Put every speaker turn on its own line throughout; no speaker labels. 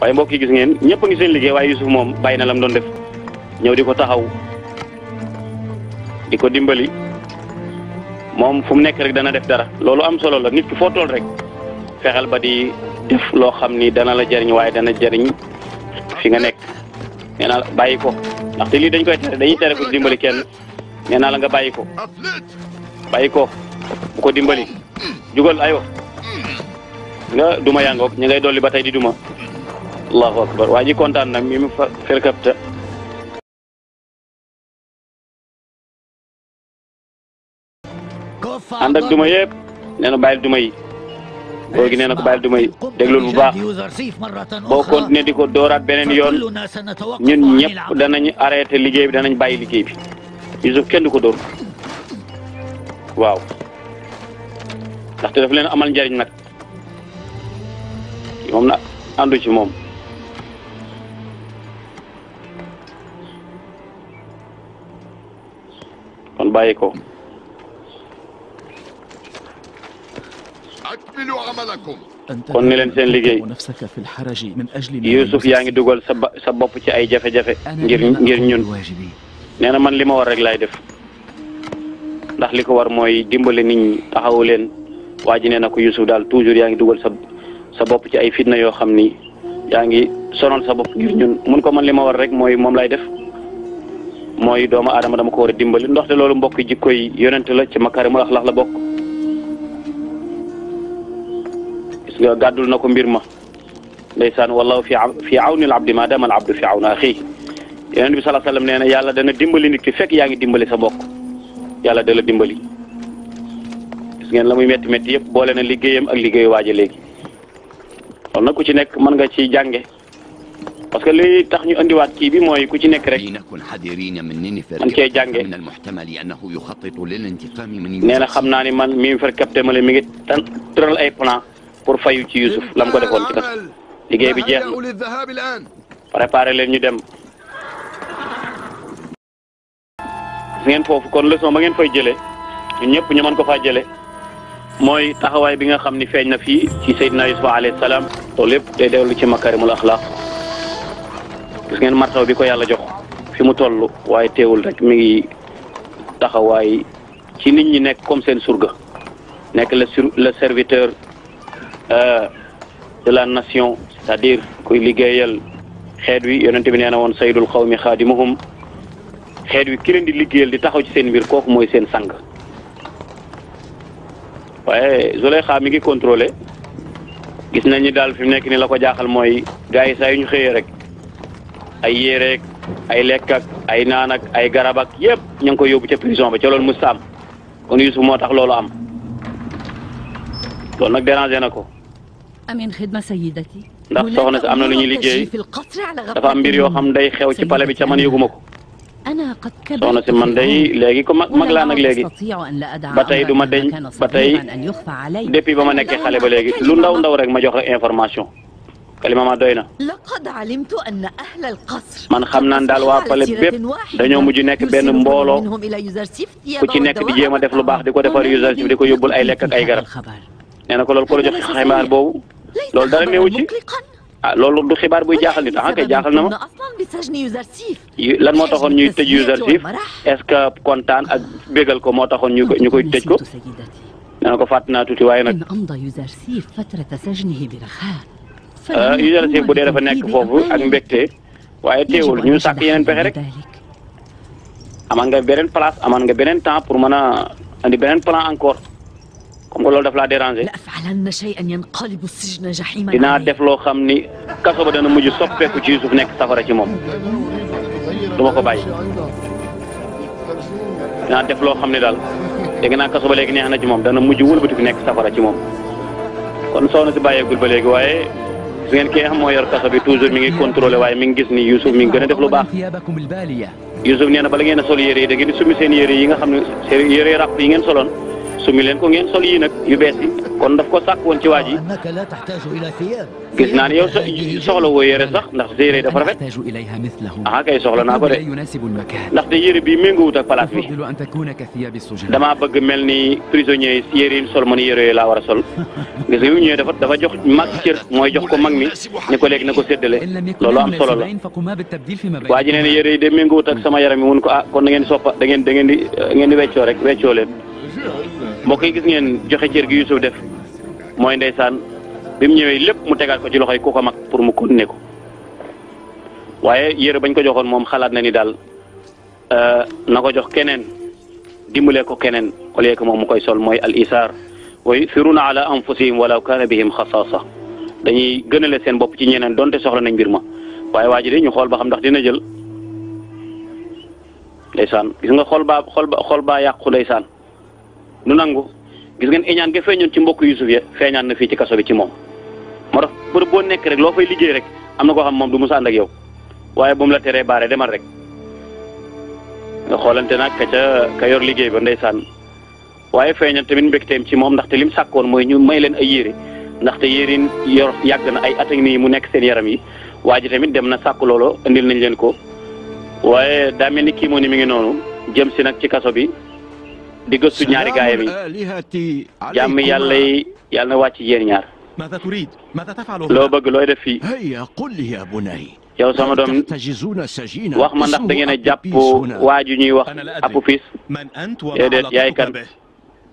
waaye mbokk yi gis ngeen ñëpp a ngi seen liggéey waaye Yusuf moom bàyyi na lam doon def ñëw di ko taxaw di ko dimbali moom fu mu nekk rek dana def dara loolu am solo la nit ki foo tool rek fexeel ba di def loo xam ni dana la jariñ waaye dana jariñ fi nga nekk nee naa la bàyyi ko ndaxte lii dañ koy tere dañuy tere ko dimbali kenn nee naa la nga bàyyi ko bàyyi ko bu dimbali jugal aywa nga duma yangoog ñi ngay dolli ba tey di duma allahu akbar waa ji kontaan nag mi mu fa firkapta ànd ak duma yëpp nee na bàyyil duma yi góor gi nee na ko bàyyil duma yi déglul bu baax boo continuer di ko dooraat beneen yoon
ñun ñëpp
danañ arrêté liggéey bi danañ bàyyi liggéey bi Yusuf kenn du ko dóor waaw ndaxte daf leen amal njariñ nag moom na àndu ci moom woon bàyyi ko. kon ni leen seen liggéey
Youssouf yaa ngi dugal sa
sa bopp ci ay jafe-jafe ngir ñun nee na man li ma war rek laay def ndax li ko war mooy dimbale nit ñi taxawu leen waa ji nee na ko Youssouf daal toujours yaa ngi dugal sa sa bopp ci ay fitna yoo xam ni yaa ngi sonal sa bopp ngir ñun mun ko man li ma war rek mooy moom lay def. mooy doomu aadama dama ko war a dimbali ndoxte loolu mbokk jikko yi yonent la ci makaarimul lax la bokk gis nga gàddul na ko mbir ma ndeysaan wallahu fi fi awnil abdi ma dama al abdu aw awni axi yonent bi salaa sallam nee na yàlla dana dimbali nit ki fekk yaa ngi dimbali sa mbokk yàlla dala dimbali ngeen la muy métti métti yëpp boole na liggéeyam ak liggéeyu waaja léegi kon nag ku ci nekk mën nga ci jànge parce que li tax ñu indiwaat kii bi mooy ku ci nekk rek man cee jànge nee na xam naa ni man Mimfer capté ma le mi ngi tan tëral ay plan pour fayu ci Youssouf la ko defoon ci kaso liggéey bi jeex na préparé leen ñu dem ngeen foofu kon leçon ba ngeen fay jëlee ñun ñëpp ñu mën ko faa jëlee mooy taxawaay bi nga xam ni feeñ na fii ci Seydina Youssouf alayhi salaam loolu lépp day dellu ci makarimul axlaaq gis ngeen martaw bi ko yàlla jox fi mu toll waaye teewul rek mi ngi taxawaay ci nit ñi nekk comme seen surga nekk la sur le serviteur euh, de la nation c'est-à-dire kuy liggéeyal xeet wi yonent bi nee na woon saydul xawmi xaadimuhum xeet wi ki leen di liggéeyal di taxaw ci seen mbir kooku mooy seen sang waaye Zuleyxa mi ngi contrôlé gis na ni daal fi mu nekk ni la ko jaaxal mooy gars saa yu ñu xëyee rek ay yéreek ay lekk ay naan ak ay garab ak yëpp ñu ngi koy yóbbu ca prison ba ca loolu musta am kon Youssouf moo tax loolu am loolu nag dérangé na ko.
amiin xidma sayidati ndax soxna si am na lu ñuy liggéey dafa am mbir yoo
xam day xew ci pale bi ca man yëguma ko.
soxna si man day léegi
ko mag mag laa nag léegi
ba tey du ma deñ ba tey
depuis ba ma nekke xale ba léegi lu ndaw ndaw rek ma jox rek information. kalima ma doy na. man xam naan daal waa Palais bépp dañoo mujj nekk benn mbooloo
ku ci nekk di jéem
a def lu baax di ko defar Yuusuf di ko yóbbul ay lekk ak ay garab nee na ko loolu ko la jox xibaar boobu loolu dara néew ci ah loolu du xibaar buy jaaxal nit ah kay jaaxal na ma
lan moo taxoon ñuy tëj Yuusuf
est-ce que kontaan ak bégal ko moo taxoon ñu koy ñu koy tëj ko nee na ko fàtt naa tuuti waaye nag. usine euh, bu dee dafa nekk foofu ak mbégte waaye teewul ñu sàkk yeneen pexe rek aman nga beneen place aman nga beneen temps pour mën a andi beneen plan encore comme que loolu def laa déranger dinaa def loo xam ni kaso ba dana sop soppeeku ci Youssouf nekk safara ci moom du ma ko bàyyi dinaa def loo xam ne daal dégg naa kaso ba léegi neex na ci moom dana mujj wëlbatiku nekk safara ci moom kon soxna si bàyyeegul ba léegi waaye su ngeen ki nga xam moo yor kaso bi toujours mi ngi contrôlé waaye mi ngi gis ni Youssouf mi ngi gën a def lu baax Youssouf nee na bala ngeen a sol yére yi da ngeen di sumi seen yére yi nga xam ne seen yére ràpp yi ngeen soloon su mi leen ko ngeen sol yii nag yu bees yi kon daf ko sàkk woon ci waa woo yére sax ndax sa yére dafa rafet ah kay soxla naa ko de ndaxte yére bi méngoowut ak place bi damaa bëgg mel ni prisonniers yi yére yi sol man yére yooyu laa war a sol gis dafa dafa jox mag cër mooy jox ko mag mi ni ko léegi na ko séddale loolu am solo la waa ji nee na yére yi de méngoowut ak sama yaram yi ko ah kon da ngeen soppa da ngeen da eh, rek weccoo leen mbokk yi gis ngeen joxe cër gi Youssouf def mooy ndeysaan bi mu ñëwee lépp mu tegaat ko ci loxoy ku ko mag pour mu continuer ko waaye yére bañ ko joxoon moom xalaat na ni daal euh, na ko jox keneen dimbalee ko keneen au lieu moom mu koy sol mooy al isaar wa yuthiruna ala anfusihim walaw kaana bihim sax dañuy gënale seen bopp ci ñeneen donte soxla nañ mbir ma waaye waa ji de ñu xool ba xam ndax dina jël ndeysaan gis nga xool xool ba xool baa yàqu ndeysaan nu nangu gis ngeen iñaan nga feeñoon ci mbokk Yusuf ya feeñaan na fii ci kaso bi ci moom moo tax bërëb nekk rek loo fay liggéey rek am na koo xam moom du musa saan ak yow waaye bu la teree baare demal rek nga xoolante nag ka ka yor liggéey ba ndeysaan waaye feeñal tamit mbégteem ci moom ndaxte lim sàkkoon mooy ñu may leen ay yére ndaxte yérin yor yàgg na ay at ak mu nekk seen yaram yi waa ji tamit dem na sàkk loolo indil nañ leen ko waaye daa mel ni kii moo ni mi ngi noonu jëm si nag ci kaso bi di gëstu ñaari gaayam
yi jàmm yàlla yi
yàlla na wàcc yéen ñaar loo bëgg looy def fii yow sama doom wax ma ndax da ngeen a jàpp waaju ñuy wax apu fis déedéet yaay kan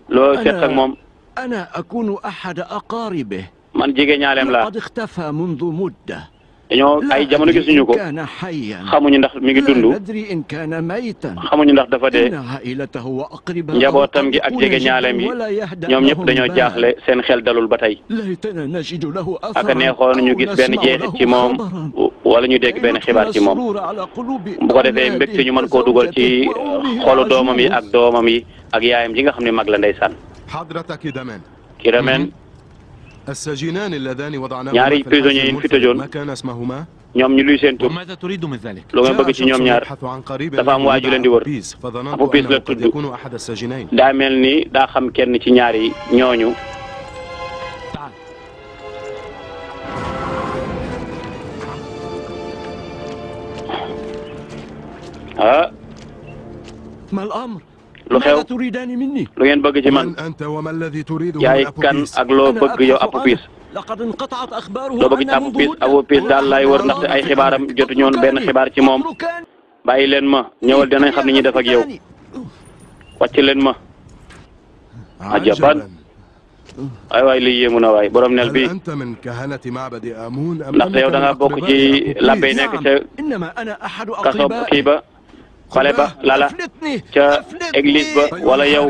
loo seet ak moom man jege ñaaleem laa dañoo ay jamono gisuñu ko
xamuñu ndax mi ngi dund xamuñu ndax dafa dee
njabootam gi ak jege ñaaleem yi ñoom ñëpp dañoo jaaxle seen xel dalul ba tey ak neexoon ñu gis benn jeexit ci moom wala ñu dégg benn xibaar ci moom bu ko defee mbégte ñu mën koo dugal ci xolu doomam yi ak doomam yi ak yaayam ji nga xam ne mag la ndeysaan ki mhm.
السجينان اللذان وضعناهما ñaari prisonniers yi ñu fi tëjoon
ñoom ñu luy seen tur
lu nga bëgg ci ñoom ñaar dafa am waa ju leen di wër abu piis la tudd
daa mel ni daa xam kenn ci ñaari ñooñu ah.
mal amr lu xew
lu ngeen bëgg ci man yaay kan ak loo bëgg yow apu piis loo bëgg ci apu piis apu piis daal laay wër ndaxte ay xibaaram jot woon benn xibaar ci moom bàyyi leen ma ñëwal dinañ xam ni ñuy def ak yow wàcc leen ma ah, ajaban ay waay liy yéemu na waay borom nel bi
ndaxte yow da nga bokk ci labbe nekk ca
kaso kii ba xale ba lala ca église ba wala yow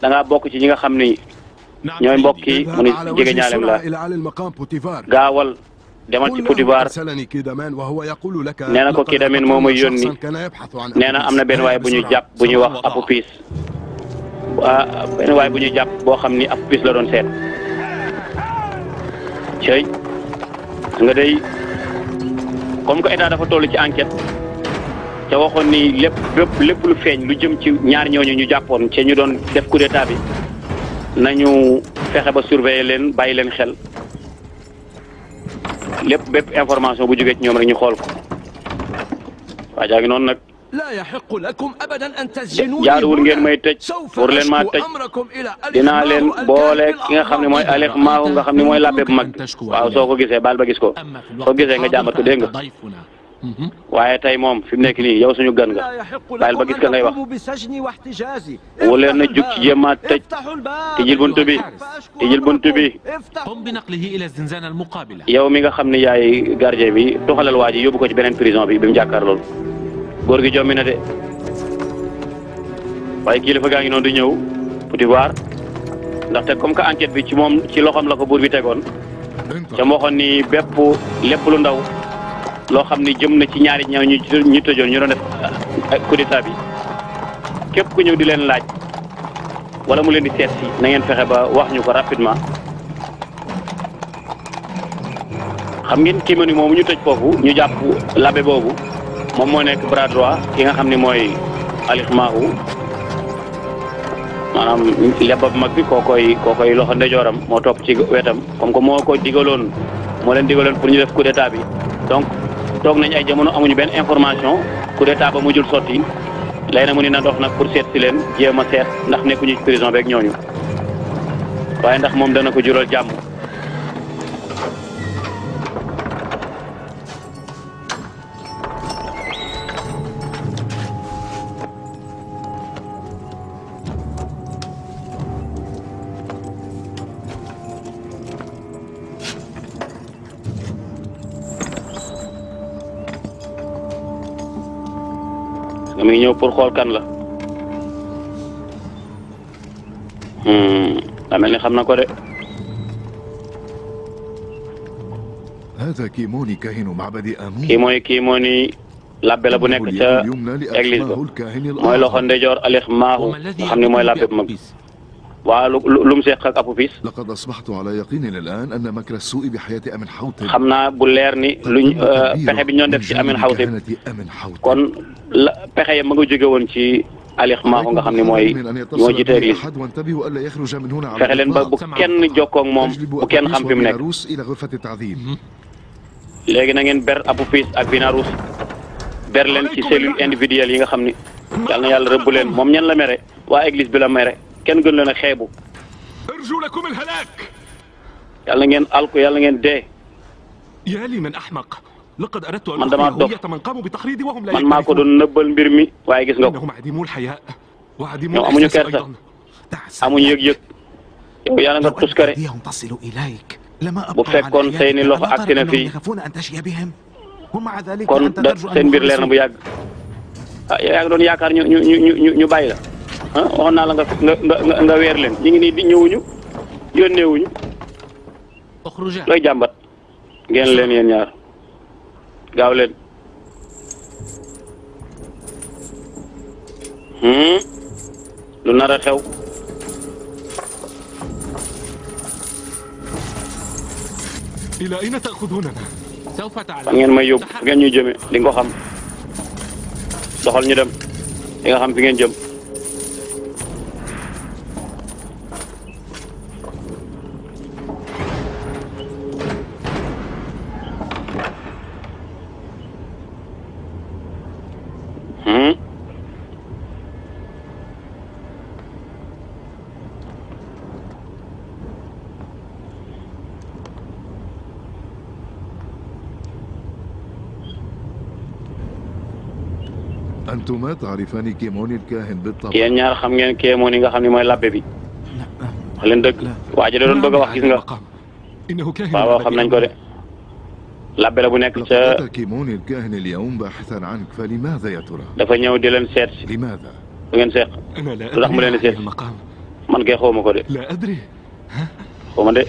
da ngaa bokk ci ñi nga xam ni ñooy mbokk yi mu ni jege ñaalem la gaawal demal ci Potiphar
nee na ko kii damin moo may yónni nee na am na benn waay bu ñu jàpp bu ñuy wax Apopis
ah benn waay bu ñu jàpp boo xam ni Apopis la doon seet cëy nga day comme que état dafa toll ci enquête. te waxoon ni lépp lépp lépp lu feeñ lu jëm ci ñaar ñooñu ñu jàppoon cee ñu doon def coup d'état bi nañu fexe ba surveiller leen bàyyi leen xel lépp bépp information bu jógee ñoom rek ñu xool ko waa jaa ngi noonu nag jaaruwul ngeen may tëj pour leen maa tëj dinaa leen boole ki nga xam ne mooy Alex Maahu nga xam ne mooy labbe bu mag waaw soo ko gisee baal ba gis ko soo gisee nga jàmbat ko dégg nga waaye tey moom fi mu nekk nii yow suñu gan nga bàyyil ba gis ka
ngay wax
wu leen na jug ci jéem a tëj tijjil buntu bi tijjil buntu bi yow mi nga xam ne yaay gardien bi tuxalal waa ji yóbbu ko ci beneen prison bi bi mu jàkkaar loolu góor gi jommi na de waaye kilifa gaa ngi noonu di ñëw Potifar ndaxte comme que enquête bi ci moom ci loxoom la ko buur bi tegoon ca moo ni bépp lépp lu ndaw loo xam ne jëm na ci ñaari ñaw ñu ñu tëjoon ñu doon def ah, coup d'état bi képp ku ñëw di leen laaj wala mu leen di seet si na ngeen fexe ba wax ñu ko rapidement xam ngeen kii ma ni moom ñu tëj foofu ñu jàpp labe boobu moom moo nekk bras ki nga xam ni mooy alix maahu maanaam lebba mag bi koo koy koo koy loxo ndeyjooram moo topp ci wetam comme que moo ko digaloon moo leen digaloon pour ñu def coup d'état bi donc toog nañ ay jamono amuñu benn information coup d'état ba mujjul sotti léegi nag mu ni na dox nag pour seet si leen jéem seet ndax nekkuñu ci prison beeg ñooñu waaye ndax moom dana ko jural jàmm ñëw pour xool kan la hmm, daa mel ni xam na ko de
kii mooy
kii moo ni labbe la bu nekk ca église ba mooy loxo ndeyjoor Alix Maahu nga xam ne mooy labbe bu mag lu mu seq ak Apophis. laqad asbahtu ala yaqinin al'an anna
makra as-su'i bi hayati Amin Hawtib. xam naa
bu leer ni luñ euh, pexe bi ñoon def ci Amin Hawtib kon la pexe ya ma nga jóge woon ci Alix Maako nga xam ne mooy moo jiite église
fexe leen ba bu kenn jokkoo ak moom bu kenn xam fi mu nekk. Mhm.
léegi na ngeen ber Apophis ak Binarus ber leen ci cellule individuelle yi nga xam ni yal na yàlla rëbb leen moom ñan la mere waa église bi la mere. kenn gën leen a xeebu
arju lakum alhalak
yàlla ngeen alku yàlla ngeen dee
yaa li man ahmaq
laqad aradtu an man damaa
dof man maa ko
doon nëbbal mbir mi waaye gis nga ko
ñoom amuñu kersa
amuñu yëg-yëg yow yàlla nga tuskare bu fekkoon seeni loxo agsi na fii
kon da seen mbir leer na
bu yàgg ah yaa ngi doon yaakaar ñu ñu ñu ñu bàyyi la ah waxoon naa la nga nga weer leen ñu ngi nii di ñëwuñu yónneewuñu. looy jàmbat. ngeen leen yéen ñaar gaaw leen. Hmm? lu nar a xew.
ila ayna taxudunana sawfa ta'lam
ngeen may yóbbu ngeen ñu jëme di nga ko xam doxal ñu dem di nga fi ngeen jëm. yéen ñaar xam ngeen kee moon yi nga xam ne mooy labbe bi wax leen dëgg waa ji da doon bëgg a wax gis
nga waaw xam nañ ko de
labbe la bu nekk ca dafa ñëw di leen seet si bu ngeen seet lu tax mu leen di seet man kay xaw ma ko de xaw ma de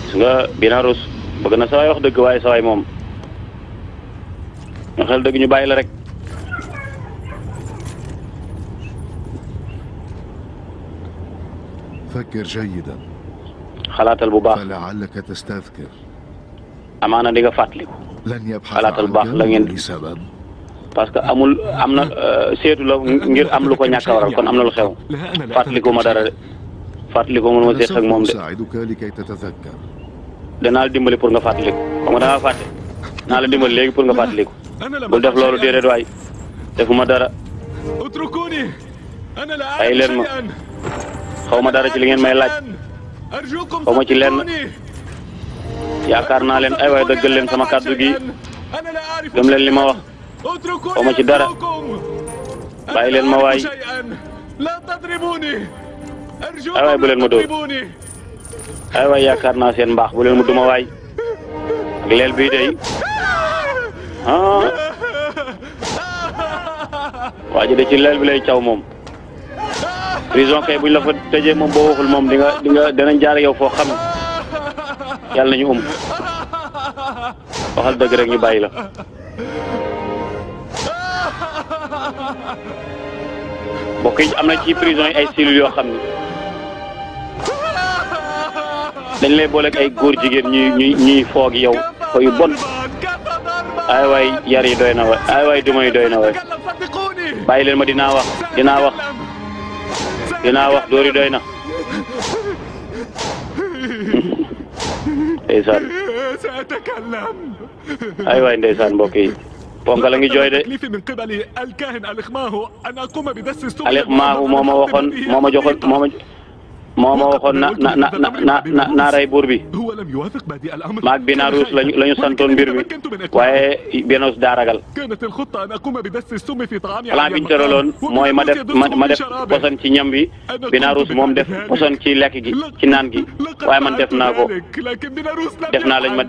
gis nga bina rus bëgg na sawaay wax dëgg waaye sawaay moom ñu xel dëgg ñu bàyyi la rek
فكر جيدا
xalaatal bu baax فلعلك تستذكر amaana di nga fàttaliku لن يبحث xalaatal bu baax la ngeen لسبب parce que amul am na seetu la ngir am lu ko ñàkk a waral kon am na lu xew fàttaliku ma dara de fàttaliku ma ma seet ak moom de danaa la dimbali pour nga fàttaliku xam nga dangaa fàtte naa la dimbali léegi pour nga fàttaliku bul def loolu déedéet waay defuma dara bàyyi leen ma xaw ma dara ci li ngeen may laaj xaw ma ci leen yaakaar naa leen ay waay dëggal leen sama kàddu gi gëm leen li ma wax xaw ma ci dara
bàyyi leen ma waay
ay waay bu leen ma dóor ay waay yaakaar naa seen mbaax bu leen ma duma waay ak leel bii day ah. de ci leel bi lay caw moom prison kay buñ la fa tëjee moom boo waxul moom di nga di nga danañ jaar yow foo xam nañu um waxal dëgg rek ñu bàyyi la. mbokk am na ci prison ay cellules yoo xam ni dañ lay boole ay góor jigéen ñu ñu ñuy foog yow foo yu bon ay waay yar yi doy na waay ay waay dumay doy na waay bàyyi leen ma dinaa dinaa wax. dinaa wax dóor yi doy na. ndeysaan. ay waay ndeysaan mbokk yi. ponk la ngi jooy de. alixmaahu moo ma waxoon moo ma moom a ma. moo ma waxoon na na na na na naa rey buur bi maag Binaaruus lañu lañu santoon mbir mi waaye Binaaruus daa ragal plan bi ñu tëraloon mooy ma def ma def poson ci ñam bi Binaaruus moom def poson ci lekk gi ci naan waaye man def naa ko def naa lañ ma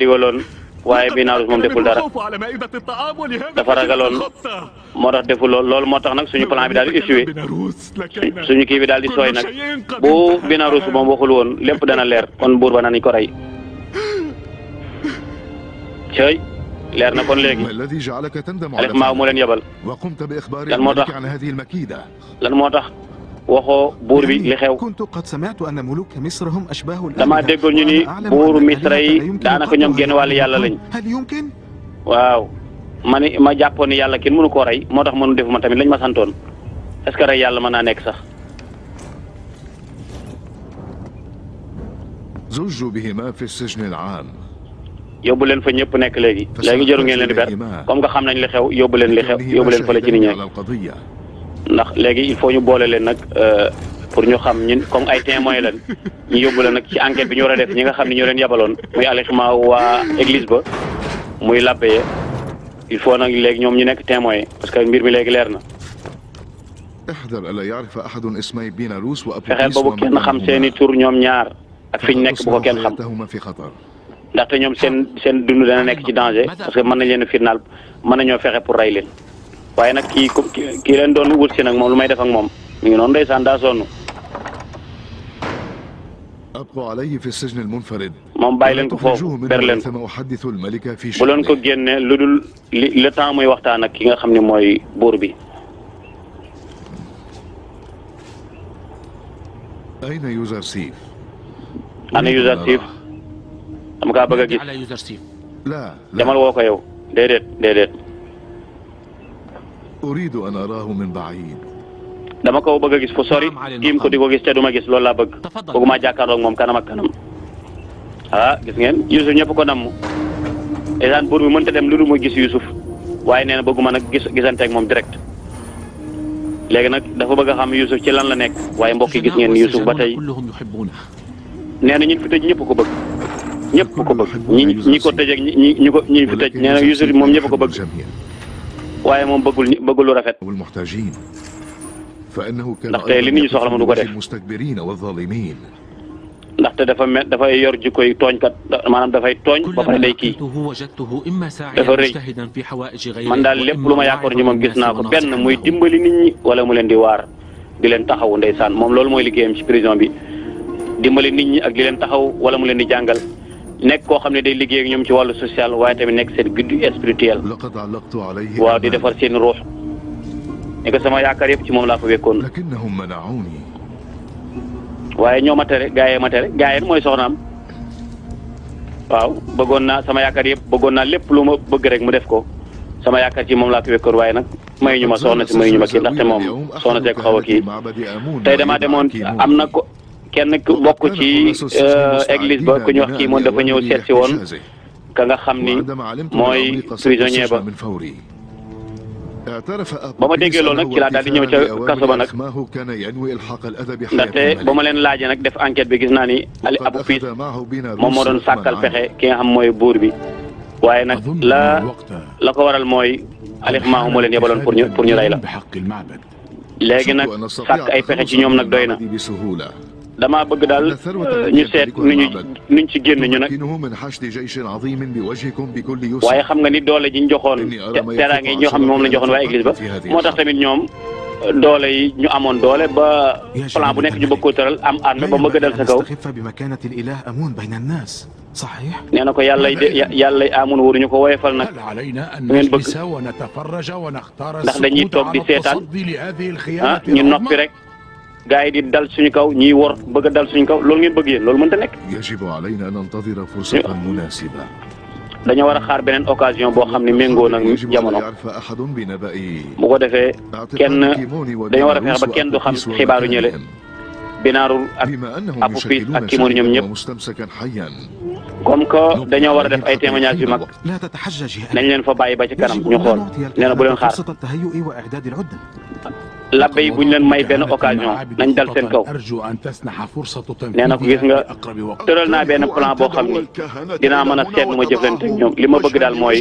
waaye Binarous moom deful dara dafa ragaloon moo tax deful lool loolu moo tax nag suñu plan bi daal di échoué suñu kii bi daal di sooy nag bu Binarous moom waxul woon lépp dana leer kon buur ba nañ ko rey cëy leer na kon léegi alif maa mu leen yebal moo tax lan moo tax waxoo buur bi li xew
damaa déggoon ñu ni buuru
misra yi daanaka ñoom genn wàll yàlla lañ waaw ma ni ma jàppoon ni yàlla kenn mënu koo rey moo tax mënu defuma tamit lañ ma santoon est-ce que rey yàlla mën naa nekk sax
zawjubihima fi
sijn al aam yóbbu leen fa ñëpp nekk léegi léegi jëru ngeen leen di ber comme nga xam nañ li xew yóbbu leen li xew yóbbu leen fa la ci nit
ñi
ndax léegi il faut ñu boole leen nag euh, pour ñu xam ñun comme ay témoins lan ñu yóbbu la nag ci enquête bi ñu war a def ñi nga xam ne ñoo leen yabaloon muy allègement waa église ba muy làbbe il faut nag léegi ñoom ñu nekk témoins parce que mbir mi léegi leer na. a fexeel ba bu kenn xam seeni tur ñoom ñaar ak fi ñu nekk bu ko kenn xam ndaxte ñoom seen seen dund dana nekk ci danger parce que mën nañ leen a mën nañoo fexe pour ray leen. waaye nag kii kii leen doon wut si nag moom lu may def moom mi ngi noonu ndeysaan daa sonn.
abqu alayhi fi sijn al-munfarid. moom bàyyi leen ko foofu ber leen ko bu leen ko
génne lu dul li temps muy waxtaan ak ki nga xam ne mooy buur bi.
ayna user siif. ana user
siif. dama kaa bëgg gis. demal woo ko yow déedéet
أريد أن أراه من بعيد
dama ko bëgg gis fu sori tiim ko di ko gis te du ma gis loolu laa bëgg bëggu maa jàkkaarloog moom kanam ak kanam ah gis ngeen Youssouf ñëpp ko namm esaan buur bi mënta dem lu dul ma gis Youssouf waaye nee na bëggu nag gis gisanteeg moom direct léegi nag dafa bëgg a xam Youssouf ci lan la nekk waaye mbokk yi gis ngeen Youssouf ba tey nee na ñi fi tëj ñëpp ko bëgg ñëpp ko bëgg ñi ñi ko tëj ak ñi ñi ko ñi fi tëj nee na moom ñëpp ko bëgg waaye moom bëggul ñu bëggul lu rafet.
ndaxte
li nit ñi soxla mënu ko def. ndaxte dafa mel dafay yor jikko yi tooñ maanaam dafay tooñ ba pare day kii
dafa
rëy
man daal lépp lu ma yaakaar ñu moom gis naa ko benn muy dimbali nit ñi wala mu leen di waar di leen taxawu ndeysaan moom loolu mooy liggéeyam ci prison bi dimbali nit ñi ak di leen taxaw wala mu leen di jàngal. nekk koo xam ne day liggéey ñoom ci wàllu social waaye tamit nekk seen guide spirituel waaw di defar seen ruux ni sama yaakaar yëpp ci moom laa fa wekkoon waaye ñoo ma tere gaayee ma tere gaayeen mooy soxnaam waaw bëggoon naa sama yaakaar yëpp bëggoon naa lépp lu ma bëgg rek mu def ko sama yaakaar ci moom laa ko wekkoon waaye nag mayuñu ma soxna si mayuñu ma kii ndaxte moom soxna see ko xaw a kii tey damaa demoon am na ko kenn ku bokk ci euh, euh, église ba ku ñu wax kii moom dafa ñëw seet si woon ka nga xam ni mooy prisonnier ba. ba ma déggee loolu nag ci laa daal di ñëw ca kaso ba nag ndaxte ba ma leen laajee nag def enquête bi gis naa ni Ali Abu Fiis moom moo doon sàkkal pexe ki nga xam mooy buur bi waaye nag la la ko waral mooy Alix Maahu moo leen yebaloon pour ñu pour ñu rey la léegi nag sàkk ay pexe ci ñoom nag doy na. damaa bëgg daal euh, ñu seet nu ñu nu ñu ci génn ñu nag waaye xam nga ni doole ji ñu joxoon teraange yi ñoo xam ne moom la ñu joxoon waa église ba moo tax tamit ñoom euh, doole yi ñu amoon doole ba plan bu nekk ñu bëgg koo tëral am armée ba bëgg a dal sa kaw. nee na ko yàlla yi de yàlla yi amun waruñu ko woyofal nag bu ngeen bëgg
ndax dañuy toog di seetaan ah ñu noppi
rek. gaa yi di dal suñu kaw ñiy wor bëgg a dal suñu kaw loolu ngeen bëgg yéen loolu mënta nekk. yajibu alayna an nantadira fursatan munasiba. dañoo war a xaar beneen occasion boo xam ne méngoo nag jamono bu ko defee kenn dañoo war a fexe ba kenn du xam xibaaru ñële binaarul ak apopis ak kimoon ñoom ñëpp comme que dañoo war a def ay témoignages yu mag nañ leen fa bàyyi ba ci kanam ñu xool nee na bu leen xaar. labbe yi bu ñu leen may benn occasion nañ dal seen kaw
nee na ko gis nga
tëral naa benn plan boo xam ni dinaa mën seet nu ma jëflante ak ñoom li ma bëgg daal mooy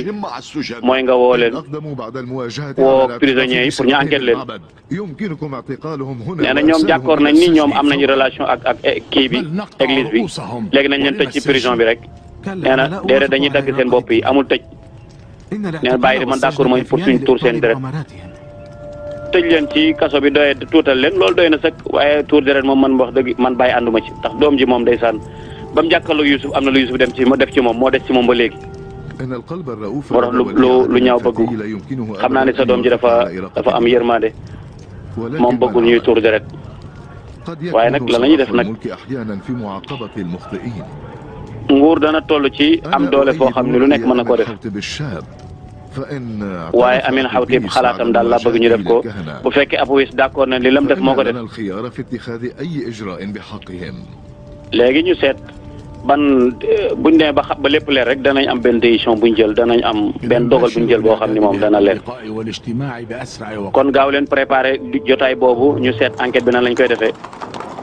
mooy nga woo leen
woo prisonniers yi pour ñu enquête leen nee na ñoom jàkkoor nañ ni ñoom am nañu
relation ak ak eh, kii bi église bi léegi nañ leen tëj ci prison bi rek nee na déedéet dañuy dagg seen bopp yi amul tëj nee na bàyyi di man d'accord mooy pour suñ tuur seen deret tëj leen ci kaso bi doy tuutal leen loolu doy na sëkk waaye tuur deret moom man wax dëgg man bàyyi ànduma ci ndax doom ji moom day sànn ba mu jàkkaarloog Youssouf am na lu Youssouf dem ci def ci moom moo des ci moom ba léegi.
moo tax lu lu ñaaw bëggu xam naa ne sa doom ji
dafa dafa am yërmande
moom bëggul ñuy tuur
deret waaye nag lan la ñuy def nag nguur dana toll ci am doole foo xam ne lu nekk mën na ko def.
waaye Amin Xawtiib xalaatam daal la bëgg ñu def ko bu
fekkee Aboubacar d'accord na li lam def moo ko def léegi ñu seet ban buñ ne ba ba lépp leer rek danañ am benn décision buñ jël danañ am benn dogal buñ jël boo xam ni moom dana leer kon gaaw leen préparé jotaay boobu ñu seet enquête bi nan lañ koy defee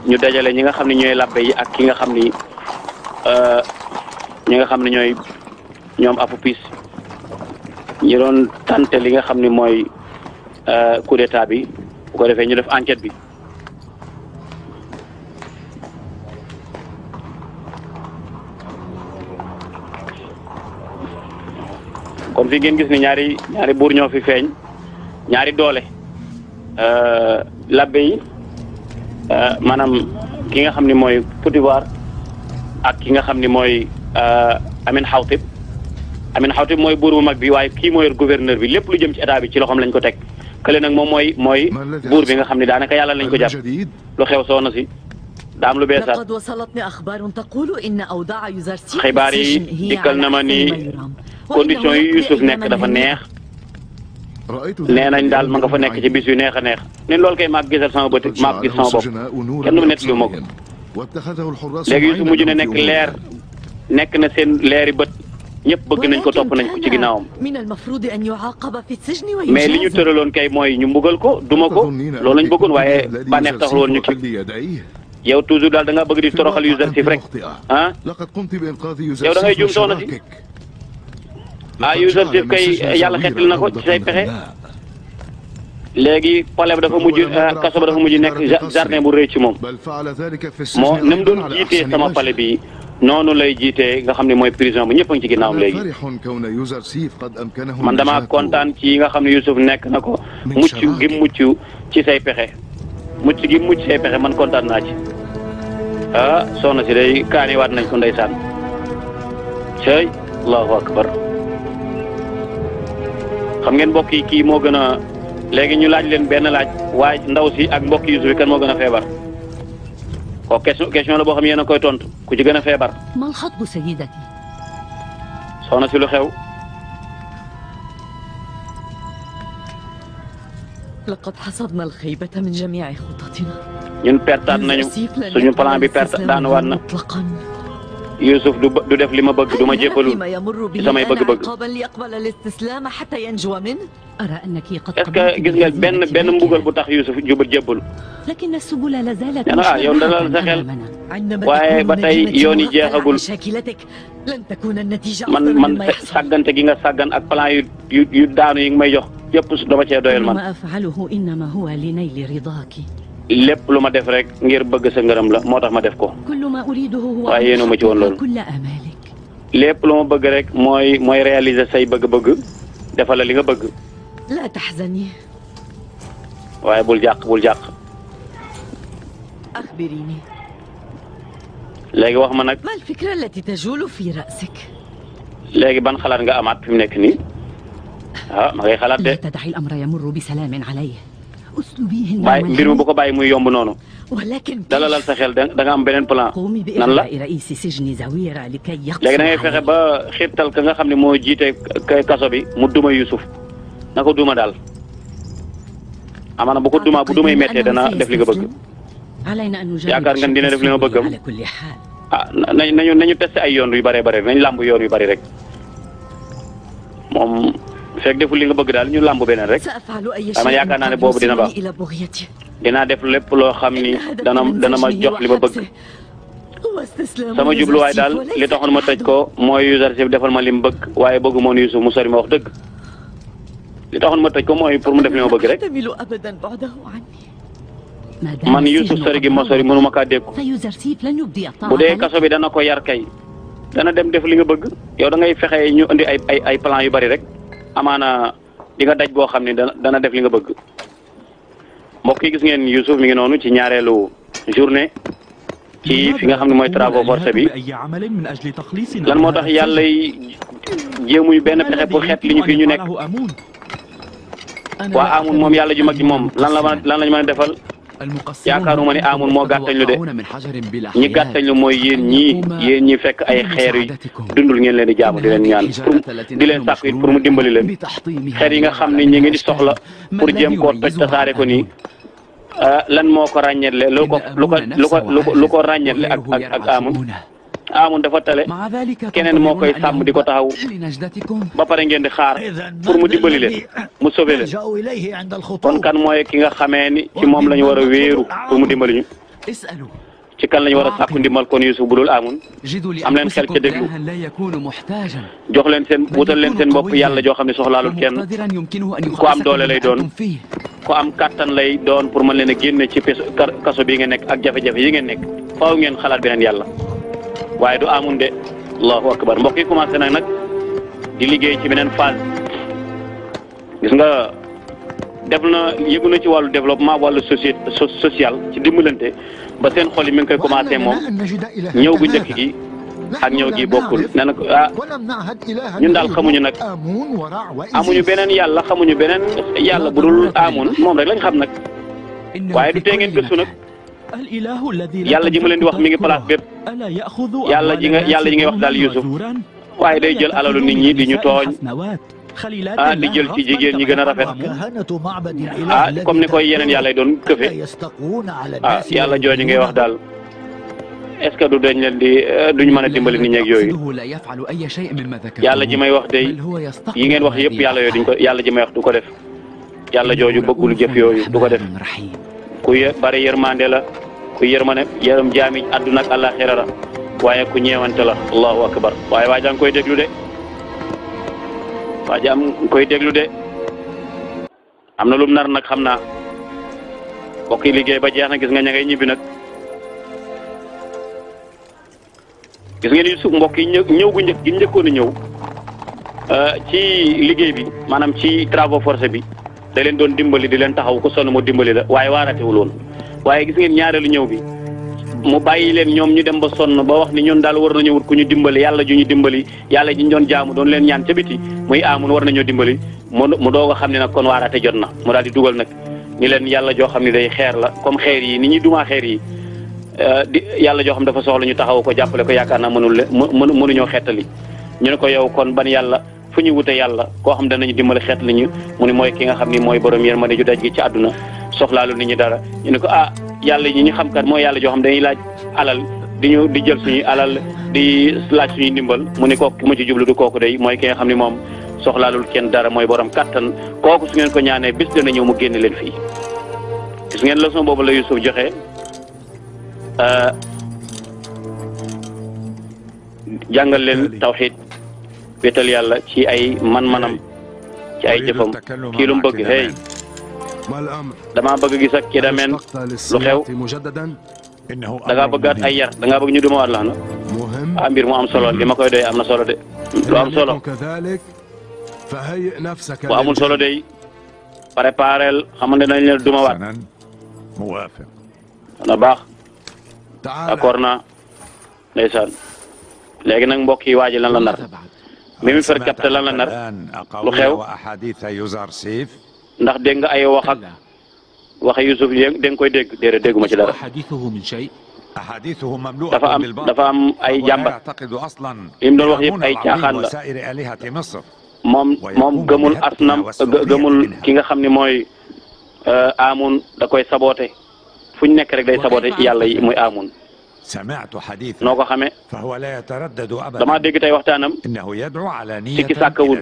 ñu dajale ñi nga xam ne ñooy labbe yi ak ki nga xam ni euh, ñi nga xam ne ñooy ñoom Apopice. ñu doon tante li nga xam ni mooy euh, coup d'état bi bu ko defee ñu def enquête bi kon fi ngeen gis ni ñaari ñaari buur ñoo fi feeñ ñaari doole euh, labbe yi euh, maanaam ki nga xam ni mooy Potifar ak ki nga xam ni mooy Amin Xawtib Amin Xawti mooy buur bu mag bi waaye kii moo yor gouverneur bi lépp lu jëm ci état bi ci loxoom lañ ko teg kële nag moom mooy mooy buur bi nga xam ne daanaka yàlla lañ ko jàpp lu xew soxna si daam lu beesaat
xibaar yi dikkal na ma ni
condition yi Youssouf nekk dafa neex nee nañ daal ma nga fa nekk ci bis yu neex a neex ne loolu kay maag gisal sama bët maag gis sama bopp kenn du ma nett lu ma ko
léegi Youssouf mujj na nekk leer
nekk na seen leeri bët ñëpp bëgg nañ ko topp nañ ko ci ginnaawam mais li ñu tëraloon kay mooy ñu mbugal ko duma ko loolu lañ bëggoon waaye bànneex taxul woon ñu kii yow toujours daal da ngaa bëgg di toroxal Youssouf rek ah,
ah yow da ngay juum soxna si
ah Youssouf kay yàlla xettil na ko ci say pexe. léegi palais bi dafa mujj ah, kaso ba dafa mujj nekk jardin bu rëy ci moom
moo na mu doon jiitee sama
palais bi noonu lay jiite nga xam ne mooy prison bu ñëpp a ngi ci ginnaawam léegi man damaa kontaan ci yi nga xam ne Youssouf nekk na ko mucc gi mucc ci say pexe mucc gi mucc say pexe man kontaan naa ci ah soxna si day kaani waat nañ ko ndeysaan sey allahu akbar xam ngeen mbokk yi kii moo gën a léegi ñu laaj leen benn laaj waaye ndaw si ak mbokk Youssouf yi moo gën a feebar kooku question question la boo xam yéen a koy tontu ku ci gën a feebar.
man xatbu sayidati. soxna si lu xew. laqad xasabna alxaybata min jamii xutatina.
ñun pertaat nañu suñu plan bi perte daanuwaat na. Youssouf du du def li ma bëgg du ma jébbalu ci samay bëgg-bëgg. est-ce que gis nga benn benn mbugal bu tax Youssouf jubal jébbalu.
nee na ah yow dalal sa xel waaye ba tey yoon yi jeexagul man man
sàggante gi nga sàggan ak plan yu yu yu daanu yi nga may jox yëpp dama cee doyal man. lépp lu ma def rek ngir bëgg sa ngërëm la moo tax ma def ko
ma ay yéenoo ma ci woon loolu
lépp lu ma bëgg rek mooy mooy réaliser say bëgg-bëgg defal la li nga bëgg waaye bul jàq bul jàq
axbirini
léegi wax ma nag
ma alfikra allati tajulu fi rasik
léegi ban xalaat nga amaat fi mu nekk nii ah ma ngay xalaat de la tadaxi
al amra yamurru bi salaamin alayhi waaye mbir mi
bu ko bàyyi muy yomb noonu dalalal sa xel da nga am beneen plan nan la
léegi da ngay
fexe ba xirtal ka nga xam ne moo jiite kaso bi mu duma Yusuf na ko duma daal amaana bu ko duma bu dumay méttee dana def li nga bëgg
yaakaar nga dina def li nga bëggam
ah nañu nañu testé ay yoon yu bëree bëri nañ làmb yoon yu bëri rek moom fekk defu li nga bëgg daal ñu làmb beneen rek
man yaakaar naa ne boobu dina baax
dinaa def lépp loo xam ni dana dana ma jox li ma bëgg
sama jubluwaay daal
li taxoon ma tëj ko mooy Youssouf defal ma li mu bëgg waaye bëggu moon Youssouf mu sori ma wax dëgg li ma tëj ko mooy pour mu def li ma bëgg rek man Youssouf sori gi ma sori mënu ma kaa dékku bu dee kaso bi dana ko yar kay dana dem def li nga bëgg yow da ngay fexe ñu indi ay ay ay plan yu bari rek. amaana di nga daj boo xam ne dana dana def li nga bëgg mbokk yi gis ngeen Youssouf mi ngi noonu ci ñaareelu journée ki fi nga xam ne mooy travaux forcés bi
lan moo tax yàlla
jéemuñu benn pexe pour xeet ñu fii ñu nekk waa amun moom yàlla ju mag moom lan la lan lañ man a defal yaakaaruma ne amun moo gàttañ lu de ñi gàttañ mooy yéen ñi fekk ay xeer yi dundul ngeen leen di jaamu di leen ñaan pour di leen sàkku it mu dimbali xeer yi nga xam ne ñi ngi di soxla pour jéem koo toj tasaare ko ni lan moo ko ràññeetle lu ko lu ko lu ko lu ko ràññeetle ak ak ak amun amun ah, dafa tale keneen moo koy sàmm di ko taxaw ba pare ngeen di xaar pour mu dimbali leen mu sauvé leen kon kan mooy ki nga xamee ni ci moom la ñu war a wéeru pour mu dimbali ñu ci kan la ñu war a sàkku ndimbal kon Yusuf bu dul amun am leen xel ca déglu jox leen seen wutal leen seen bopp yàlla joo xam ne soxlaalul kenn ku am doole lay doon ku am kattan lay doon pour man leen a génne ci kaso bi ngeen nekk ak jafe-jafe yi ngeen nekk faaw ngeen xalaat beneen waaye du amun de allahu akbar mbokk commencé nag nag di liggéey ci beneen phase gis nga def na yëgu ci wàllu développement wàllu social ci dimbalante ba seen xol yi mi ngi koy commencé moom ñëw gu njëkk gi ak ñëw gi bokkul nee na ko ah ñun daal xamuñu nag amuñu beneen yàlla xamuñu beneen yàlla bu dul amun moom rek lañ xam nag waaye du tee ngeen gëstu nag.
yàlla ji ma leen di wax mi ngi place bépp yàlla ji nga yàlla ji ngay wax daal Yusuf
waaye day jël alalu nit ñi di ñu tooñ ah di jël ci jigéen ñi gën a rafet
ah comme ni koy yeneen
yàlla yi doon këfe ah yàlla jooju ngay wax daal est du dañ leen di duñ mën a dimbali nit ñeeg yooyu
yàlla ji may wax day
yi ngeen wax yëpp yàlla yooyu duñ ko yàlla ji may wax du ko def yàlla jooju bëggul jëf yooyu du ko def. ku bare yërmande la ku yërmane yaram jaami àdduna ak àllaaxira la ku ñeewante la allahu akbar waaye waa koy déglu de waa jaa ngi koy déglu de am na lum nar nag xam naa mbokk liggéey ba jeex gis nga ña ngay gis ngeen Yusuf mbokk yi ñëw gu njëkk a ñëw euh, ci liggéey bi maanaam ci travaux forcés bi da leen doon dimbali di leen taxaw ku sonn mu dimbali la waaye waaratewul woon waaye gis ngeen ñaareelu ñëw bi mu bàyyi leen ñoom ñu dem ba sonn ba wax ni ñun daal war nañu wut ku ñu dimbali yàlla ju ñu dimbali yàlla ji doon jaamu doon leen ñaan ca biti muy amun war nañoo dimbali mu mu doog a xam ne nag kon waarate jot na mu daal di dugal nag ni leen yàlla joo xam ne day xeer la comme xeer yi ni ñuy dumaa xeer yi euh, di yàlla joo xam dafa soxla ñu taxaw ko jàppale ko yaakaar naa mënul mënuñoo xettali ñu ne ko yow kon ban yàlla fu ñu wute yàlla koo xam danañu dimbali xeet li ñu mu ne mooy ki nga xam ni mooy borom yërmande ju daj gi ci àdduna soxlaalu nit ñi dara ñu ne ko ah yàlla yi ñu xam kat mooy yàlla joo xam dañuy laaj alal di ñu di jël suñuy alal di laaj suñuy mu ne kooku ki mu ci jublu du kooku day mooy ki nga xam ne moom soxlaalul kenn dara mooy borom kattan kooku su ngeen ko ñaanee bis dana ñëw mu génn leen fii gis ngeen leçon boobu la Yusuf joxe euh, jàngal leen tawxiid wétal yàlla ci ay man-manam ci ay jëfam kii lu mu bëgg hey damaa bëgg gis ak Kidameen lu xew
da
ngaa ay yar da ngaa bëgg ñu duma waat la na ah mbir mu am solo li koy doy am na solo de lu am solo bu amul solo de préparel xamante nañ leen duma waat na baax d'accord naa ndeysaan léegi nag mbokk yi waaji la nar bi mu ferkapte lan la nar lu xew ndax dégg nga ay wax ak waxe Yusuf yéen dégg nga koy dégg déedéet dégguma ci dara
dafa am dafa am ay jàmbat li mu doon wax yëpp ay caaxaan la
moom moom gëmul asnam gëmul ki nga xam ne mooy euh, amun da koy sabote fu ñu nekk rek day sabote ci yàlla yi muy amun noo ko xamee damaa dégg tey waxtaanam sikki sàkkawul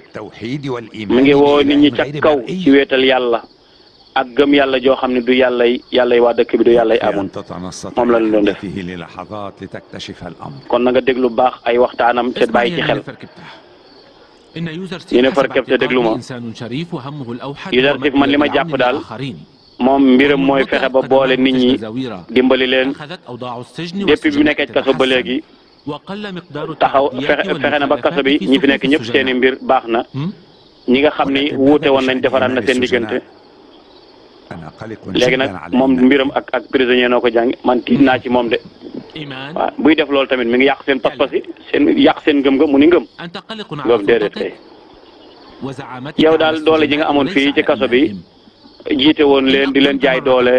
mu ngi woo nit ñi ca kaw ci wéetal yàlla ak gëm yàlla joo xam ne du yàllay yàllay waa dëkk bi du yàllay amoon moom la ñu doon def kon na nga déglu baax ay waxtaanam ca bàyyi ci xel.
Yeneen farkeb te déglu ma Youssouf man li ma jàpp daal.
moom mbiram mooy fexe ba boole nit ñi dimbali leen
depuis bi mu nekkee kaso ba léegi
taxaw fexe na ba kaso bi ñi fi nekk ñëpp seeni mbir baax na hmm? ñi nga xam ni wuute woon nañ defaraat na seen diggante léegi nag moom mbiram ak ak prisonnier noo ko jàng man tiit naa ci moom de waaw buy def loolu tamit mi ngi yàq seen pas-pas yi seen yàq seen ngëm-ngëm mu ni ngëm ngëm déedéet kay yow daal doole ji nga amoon fii ci kaso bi. jiite woon leen di leen jaay doole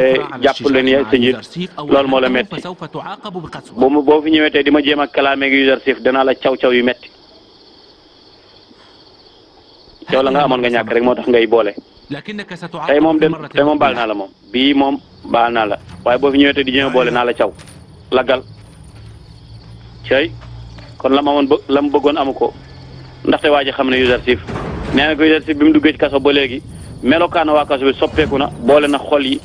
jàpp leen ya sa njiit loolu moo la metti bu mu boo fi ñëwee tey di ma jéem a kalaamee gi Yuusuf danaa la caw caw yu metti yow la nga amoon nga ñàkk rek moo tax ngay boole tey moom dem tey moom baal naa la moom bii moom baal naa la waaye boo fi ñëwee tey di jéem boole naa la caw lagal cey kon la amoon la mu bëggoon amu ko ndaxte waa xam ne Yuusuf nee na ko Yuusuf bi mu kaso ba léegi. melokaana waa kaso bi soppeeku na boole na xol yi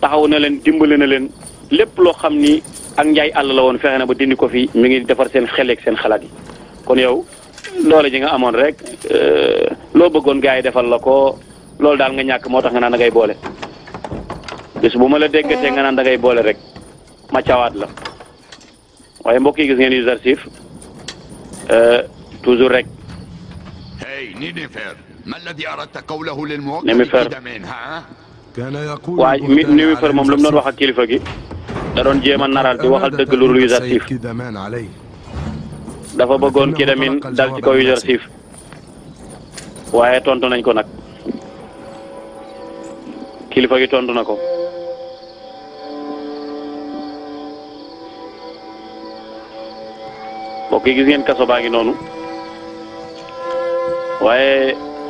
taxaw na leen dimbali na leen lépp loo xam ni ak njaay àll la woon fexe na ba dindi ko fi mi ngi defar seen xel seen xalaat yi kon yow loole ji nga amoon rek euh, loo bëggoon gars yi defal la ko loolu daal nga ñàkk moo tax nga naan da ngay boole bés bu ma la déggatee nga naan da ngay boole rek ma cawaat la waaye mbokk yi gis ngeen yu euh, toujours rek. ما الذي أردت قوله للموقف كدمين ها كان moom lu mu doon wax kilifagi kilifa gi da a naral di waxal dëgg lu usurcif dafa bëggoon Kidamine dal ci kaw usurcif waaye tontu nañ ko nag kilifa gi tontu na ko mbokk gis ngeen kaso baa noonu waaye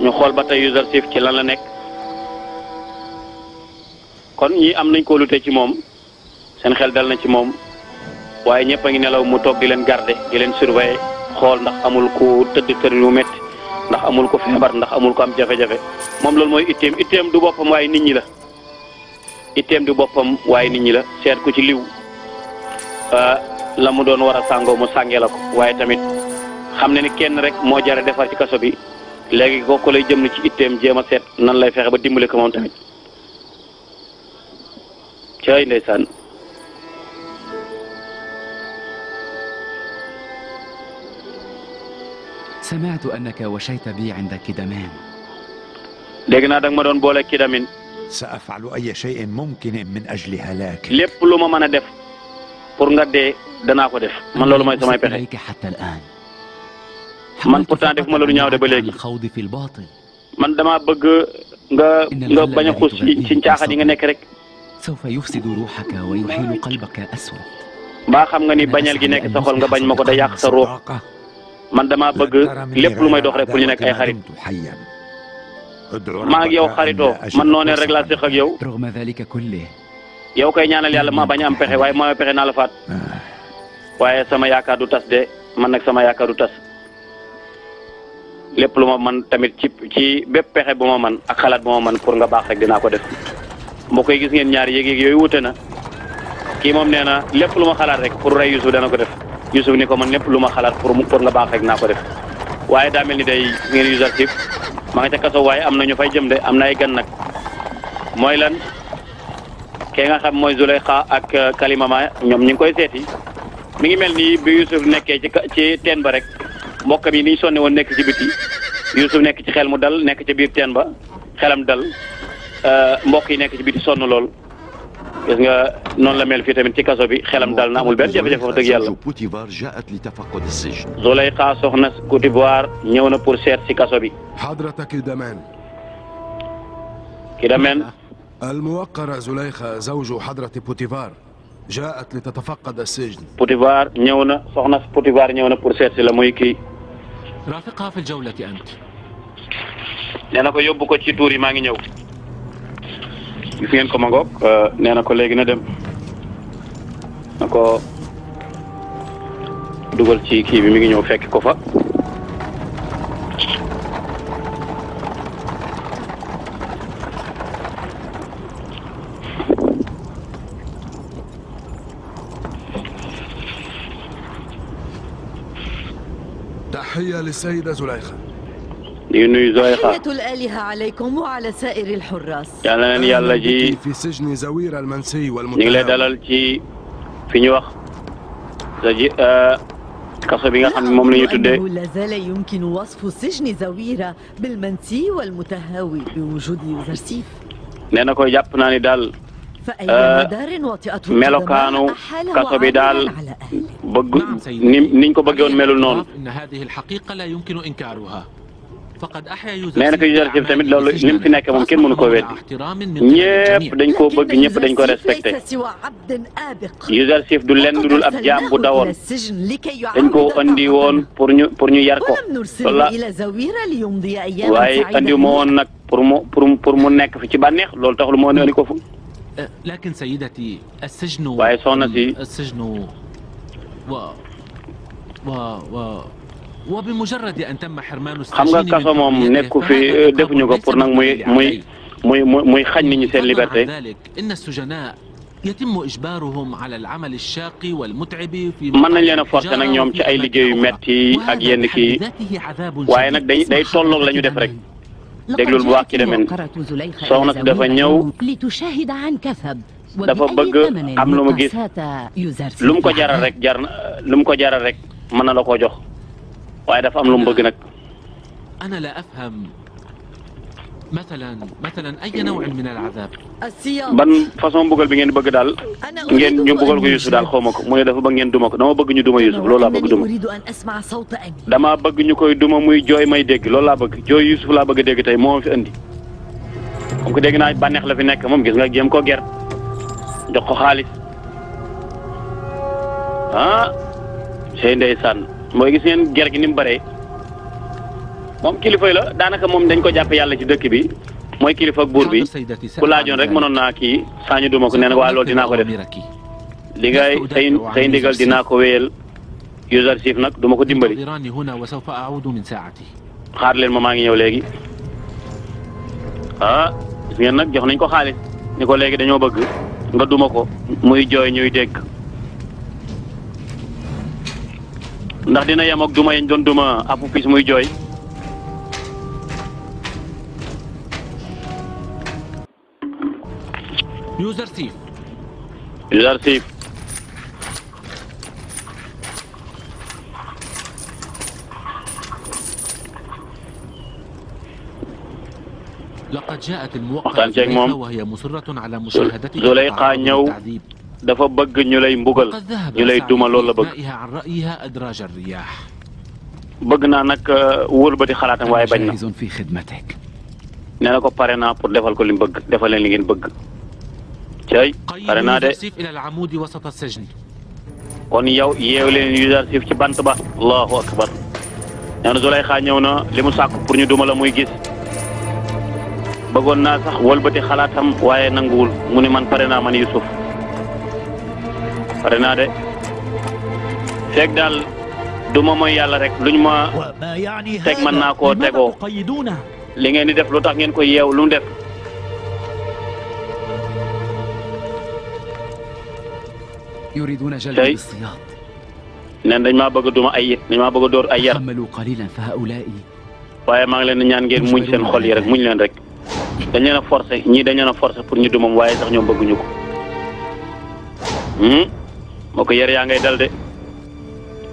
ñu xool ba tey usersif ci lan la nekk kon ñi am nañ kolute ci moom seen xel dal na ci moom waaye ñëpp ngi nelaw mu toog di leen garder di leen surveiller xool ndax amul ko tëdd tër yu ndax amul ko feebar ndax amul ko am jafe-jafe moom loolu mooy itteem itteem du boppam waaye nit ñi la itteem du boppam waaye nit ñi la seet ko ci liw euh, la mu doon war a sàngoo mu sàngee la ko waaye tamit xam ne ni kenn rek moo jare defar ci kaso bi léegi kooku lay jëm ci itteem jéem a seet nan lay fexe ba dimbali ko moom tamit caay ndeysaan
سمعت أنك وشيت بي عند كدمان
dégg naa da nga ma doon boole kidamin سأفعل
أي شيء ممكن من أجل
هلاكك lépp lu ma mën a def pour nga dee danaa ko def man loolu may samay pexe حتى الآن
man pour pourtant def ma la lu ñaaw de ba léegi
man damaa bëgg nga nga bañ a xuus ci ci caaxaan yi nga nekk rek. mbaa xam nga ni bañal gi nekk sa xol nga bañ ma ko da yàq sa ruux man damaa bëgg lépp lu may dox rek pour ñu nekk ay xarit. maa ngi yow xaritoo man noonee rek laa séq ak yow. yow koy ñaanal yàlla ma bañ am pexe waaye ma pexe naa la faat. waaye sama yaakaar du tas de man nag sama yaakaar du tas. lépp lu ma man tamit ci ci bépp pexe bu ma man ak xalaat bu man pour nga baax rek dinaa ko def mbokk yi gis ngeen ñaar yéeg-yéeg yooyu wute na kii moom nee na lépp lu xalaat rek pour rey Yusuf dana ko def Yusuf ni ko man lépp lu ma xalaat pour pour nga baax rek naa ko def waaye daa mel ni day ngeen Yuusuf ci ma ca kaso waaye am na ñu fay jëm de am na ay gan nag lan kee nga xam mooy Zuleyxa ak euh, Kalimama ñoom ñu ngi koy seeti mi ngi mel ni bi Yusuf nekkee ci ten ba rek mbokkam yi ni ñu sonne woon nekk ci biti Yuusuf nekk ci xel mu dal nekk ca biir teen ba xelam dal euh, mbokk yi nekk ci biti sonn lool gis nga noonu la mel fii tamit ci kaso bi xelam dal na amul benn jafe-jafe wax dëgg yàlla Zuleyxa soxna Koutivar ñëw na pour seet si kaso bi Kidameen
الموقرة زليخة زوج حضرة بوتيفار جاءت
لتتفقد السجن بوتيفار ñëw na soxna Potifar ñëw na pour seet si la muy kii
رافقها في الجولة أنت
nee na ko yóbbu ko ci tuur yi maa ngi ñëw ngeen ko ma ngoog euh, nee na ko léegi na dem na ko dugal ci kii bi mi ngi ñëw fekk ko fa
تحية للسيدة زليخة ñu nuyu Zulaykha
xayyatul aaliha alaykum wa ala saa'iri al-hurraas.
yal na leen yàlla ji
ñu ngi lay dalal
ci fi ñu wax sa ji kaso bi nga xam ne moom la ñu tuddee.
la zaala
yumkinu wasfu sijni Zawira bil-mansi wal-mutahawi bi wujudi Zarsif.
nee na ko jàpp naa ni daal. melokaanu kaso bi daal bëgg ni niñ ko bëggee woon melul noonu.
nee na ko Youssouf tamit loolu ni mu fi nekk moom kenn mënu koo weddi
ñëpp dañ koo bëgg ñëpp dañ koo respecté Youssouf du lenn dul ab jaam bu dawoon dañ koo andi woon pour ñu pour ñu yar ko walla
waaye andi moo
woon nag pour mu pour mu nekk fi ci bànneex loolu tax lu moo andi ko fu.
لكن سيدتي السجن وهي صونتي السجن و و و وبمجرد ان تم حرمان xam nga kaso moom nekku fi defuñu ko pour nag muy
muy muy muy xañ nit ñi seen liberté.
إن السجناء يتم إجبارهم على العمل الشاق والمتعب في mën nañ leen a forcer nag ñoom ci ay liggéey yu metti ak yenn kii waaye nag day day
tolloog la ñu def rek. déglul bu wax ci demin soxna si dafa ñëw
dafa bëgg am lu mu gis
lu mu ko jaral rek jar na lu mu ko jaral rek mën na la koo jox waaye dafa am lu mu bëgg nag.
مثلا مثلا أي نوع من
العذاب ban façon mbugal bi ngeen bëgg daal ngeen ñu mbugal ko Yuusuf daal xaw ma ko mu ne dafa bëgg ngeen duma ko dama bëgg ñu duma Yuusuf loolu laa bëgg duma dama bëgg ñu koy duma muy jooy may dégg loolu laa bëgg jooy Yuusuf laa bëgg a tey moo fi andi moom ko dégg naa bànneex la fi nekk moom gis nga jéem ko ger jox ko xaalis ah sey ndeysaan mooy gis ngeen ger gi ni mu bëree moom kilifa la daanaka moom dañ ko jàpp yàlla ci dëkk bi mooy kilifa ak buur bi bu laajoon rek mënoon naa kii saañu duma ko nee na waa loolu dinaa ko def li ngay say say ndigal dinaa ko wéyal user siif nag duma ko dimbali xaar leen ma maa ngi ñëw léegi ah gis ngeen nag jox nañ ko xaalis ni ko léegi dañoo bëgg nga duma ko muy jooy ñuy dégg ndax dina yem ak duma yañ doon duma apu pis muy jooy José José Arcif.
waxtaan ceeg moom
Zuleyqa ñëw dafa bëgg ñu lay mbugal ñu lay duma loolu la bëgg bëgg naa nag wëlbati xalaatam waaye bañ na nee na ko pare naa pour defal ko li mu bëgg defal leen li ngeen bëgg. cey pare naa de kon yow yeew leen Yuusuf ci bant ba allahu akbar nee na Zulayxa ñëw na li mu sàkk pour ñu duma la muy gis bëggoon naa sax wëlbati xalaatam waaye nanguwul mu ne man pare naa man Yuusuf pare naa de feeg daal duma ma mooy yàlla rek luñ ma teg mën naa ko tegoo li ngeen di def lu tax ngeen koy yeew lu mu def tey neen dañ maa bëgg a duma ay dañ maa bëgg a door ay yar waaye maa leen di ñaan ngeen muñ rek muñ leen rek dañ leen a dañ leen a ñu dumam waaye sax ñoom bëgguñu ko moo hmm? ko yar yaa ngay dal de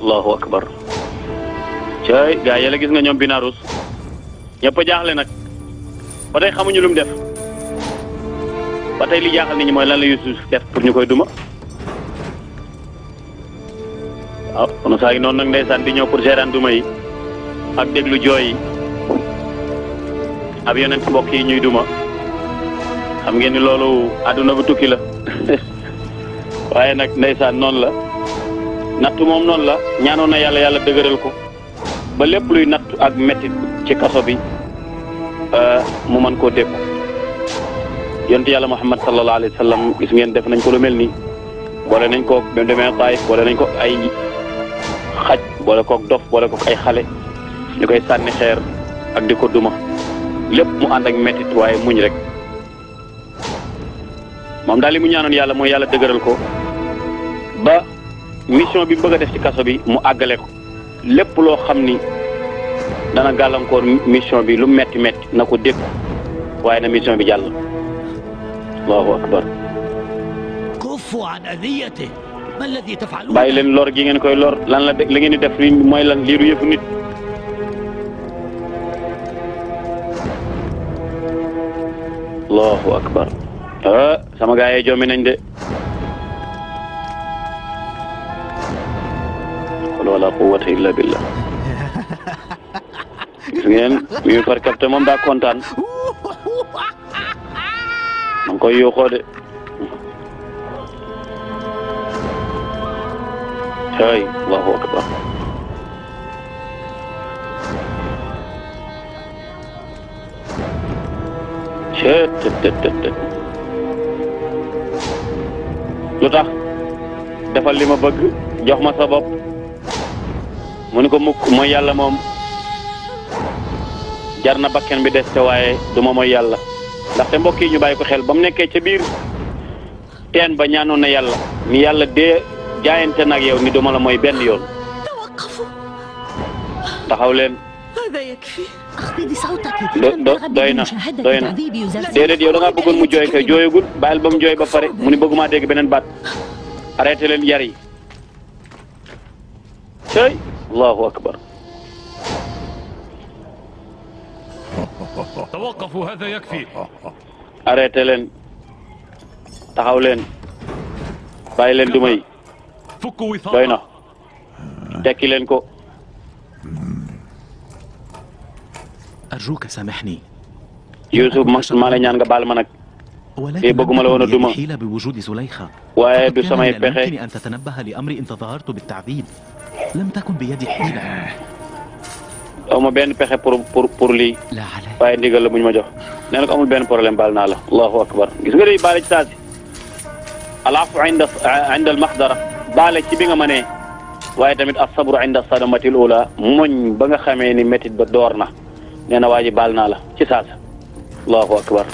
allahu akbar cay gaa yàlla gis nga ñoom binaarus ñëpp a jaaxle nag ba tey xamuñu lu mu def ba tey li jaaxal nit ñi mooy lan la Yuusuf def pour ñu koy duma waaw kon saa ngi noonu nag ndeysaan di ñëw pour seeraan duma yi ak déglu jooy yi ab yonent mbokk yi ñuy duma xam ngeen ni loolu àdduna bu tukki la waaye nag ndeysaan noon la nattu moom noonu la ñaanoon na yàlla yàlla dëgëral ko ba lépp luy nattu ak mettit ci kaso bi euh, mu mën koo dékku yonent yàlla muhammad sallallahu alayhi wa sallam ngeen def nañ ko lu mel nii nañ ko ba demee Taif boole nañ ko ay xaj boole kook dof boole kook ay xale ñu koy sànni xeer ak di ko duma lépp mu ànd ak mettit waaye muñ rek moom daal li mu ñaanoon yàlla mooy yàlla dëgëral ko ba mission bi mu bëgg a def ci kaso bi mu àggale ko lépp loo xam ni dana gàllankoor mission bi lu metti metti na ko dégg waaye na mission bi jàll allahu akbar bàyyi leen loor gi ngeen koy lor lan la la ngeen di def mooy lan liiru yëfu nit. allahu akbar ah sama gars yi joomi nañ de. wala quwwata illa billah mi far capté moom daa kontaan. ma koy yóoxoo de. Ay, Allahu Akbar. lu li ma bëgg jox ma sa bopp ko mukk mooy yàlla moom jar na bakken bi des te waaye du mooy yàlla ndaxte yi ñu bàyyi ba mu nekkee ca biir teen ba ñaanoon yàlla mi yàlla dee jaayante nag yow ni duma la mooy benn yoon taxaw leen do doy na doy na mu jooy kay jooyagul bàyyil ba mu jooy ba pare mu ni bëggumaa dégg beneen baat arrêté leen yar yi tey allahu akbar
tawaqafu hada yakfi
arrêté leen taxaw leen bàyyi leen doy na tekki leen ko. arjuka samahni. Youssouf maa la ñaan nga baal ma nag. fii bëgguma la woon a duma. waaye du samay pexe. aw ma benn pexe pour pour pour lii. waaye ndigal la bu ñu ma jox. nee na ko amul benn problème baal naa la. allahu akbar gis nga day baale ci saa si. al afu inda inda al maxdara baale ci bi nga ne waaye tamit asabru inda sadamatil ula moñ ba nga xamee ni metit ba door na nee na waa ji baal naa la ci saasa allahu akbar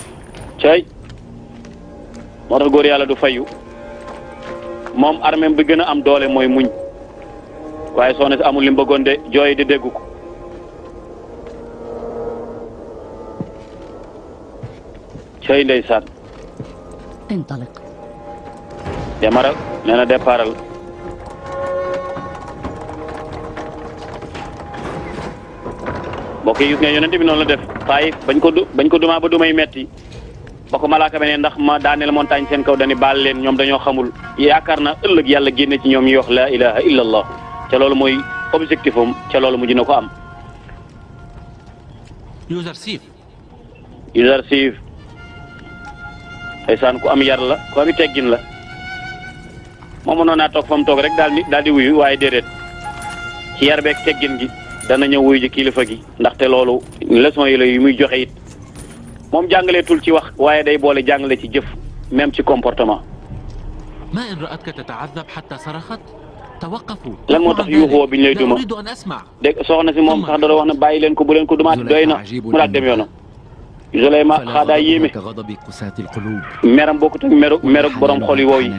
cay moo tax góor yàlla du fayu moom armem bi gën a am doole mooy muñ waaye soo ne si amul li mu bëggoon de jooy di dégg ko cay ndeysaan intaliq demara nee mbokk yi gis nga yonent bi noonu la def bañ ko du bañ ko dumaa ba dumay metti ba ko malaaka me ne ndax ma daaneel montagne seen kaw dani baal leen ñoom dañoo xamul yaakaar na ëllëg yàlla génne ci ñoom ñuy wax laa ilaha illa allah ca loolu mooy objectif am ca loolu mujj na ko am Yuzarsif Yuzarsif ndeysaan ku am yar la ku am teggin la moom mënoon naa toog fa toog rek daal di daal di wuyu waaye déedéet ci yar beeg teggin gi dana ñëw wuyu ji kilifa gi ndaxte loolu leçon yi la yu muy joxe it moom jàngaleetul ci wax waaye day boole jàngale ci jëf même ci comportement. lan moo tax yuuxoo biñ lay duma dégg soxna si moom sax dara wax ne bàyyi leen ko bu leen ko dumaat doy na mu daal dem yoonam. Zuleyma xaadaa yéeme meram bokkut ak meru meruk borom xol yu wow yi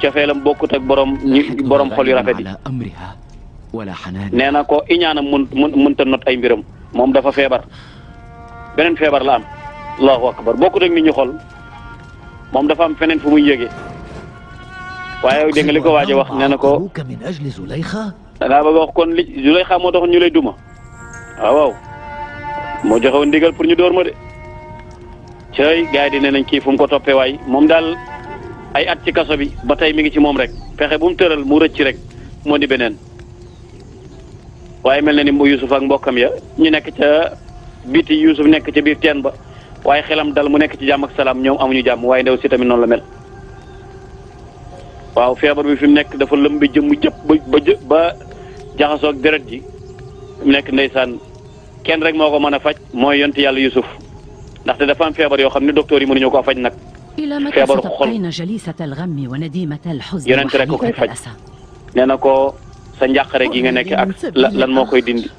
cofeelam bokkut ak borom ñi borom xol yu rafet yi.
nee
na ko iñaana mun mun mënta not ay mbiram moom dafa feebar beneen feebar la am allahu akbar bokkut ak nit ñu xool moom dafa am feneen fu mu yége waaye dégg nga li ko waaj a wax nee na ko da ngaa bëgg a kon li Zulayxa moo taxoon ñu lay duma waaw waaw moo ndigal pour ñu door ma de cey gars yi di ne nañ kii fu ko toppee waay moom daal ay at ci kaso bi ba tey mi ngi ci moom rek pexe bu mu tëral mu rëcc rek moo di beneen waaye mel na ni mu Yuusuf ak mbokkam ya ñu nekk ca biti Yuusuf nekk ca biir teen ba waaye xelam dal mu nekk ci jàmm ak salaam ñoom amuñu jàmm waaye ndaw si tamit noonu la mel. waaw feebar bi fi mu nekk dafa lëmbe jëmm jëpp ba ba ba jaxasoo ak deret ji mu nekk ndeysaan kenn rek moo ko mën a faj mooy yont yàlla Yuusuf ndaxte dafa feebar yoo xam ne docteur yi mënuñu ko faj nag.
feebaru xol yonent rek ko koy faj
nee na ko. sa njàqare gi nga nekk ak lan moo koy dindi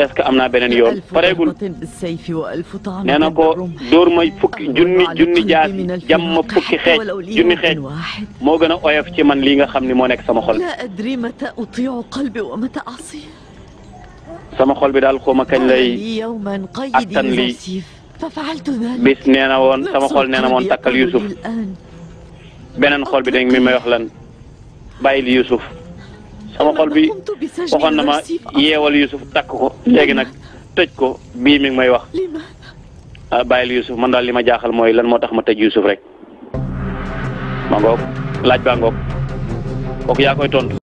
est-ce que am naa beneen yoon pareegul nee na ko dóor ma fukki junni junni jaas jam ma fukki xeej junni xeej moo gën a oyof ci man lii nga xam ni moo nekk sama xol sama xol bi daal xaw ma kañ lay
attan lii bis nee na woon
sama xol nee na woon takkal Youssouf beneen xol bi dañ mi may wax lan li Youssouf sama xol bi waxoon na ma yeewal Youssouf takk ko léegi nag tëj ko bii mi may wax a ah, bàyyil Youssouf man daal li ma jaaxal mooy lan moo tax ma tëj Youssouf rek ma ngoog laaj baa ngoog kooku yaa tontu.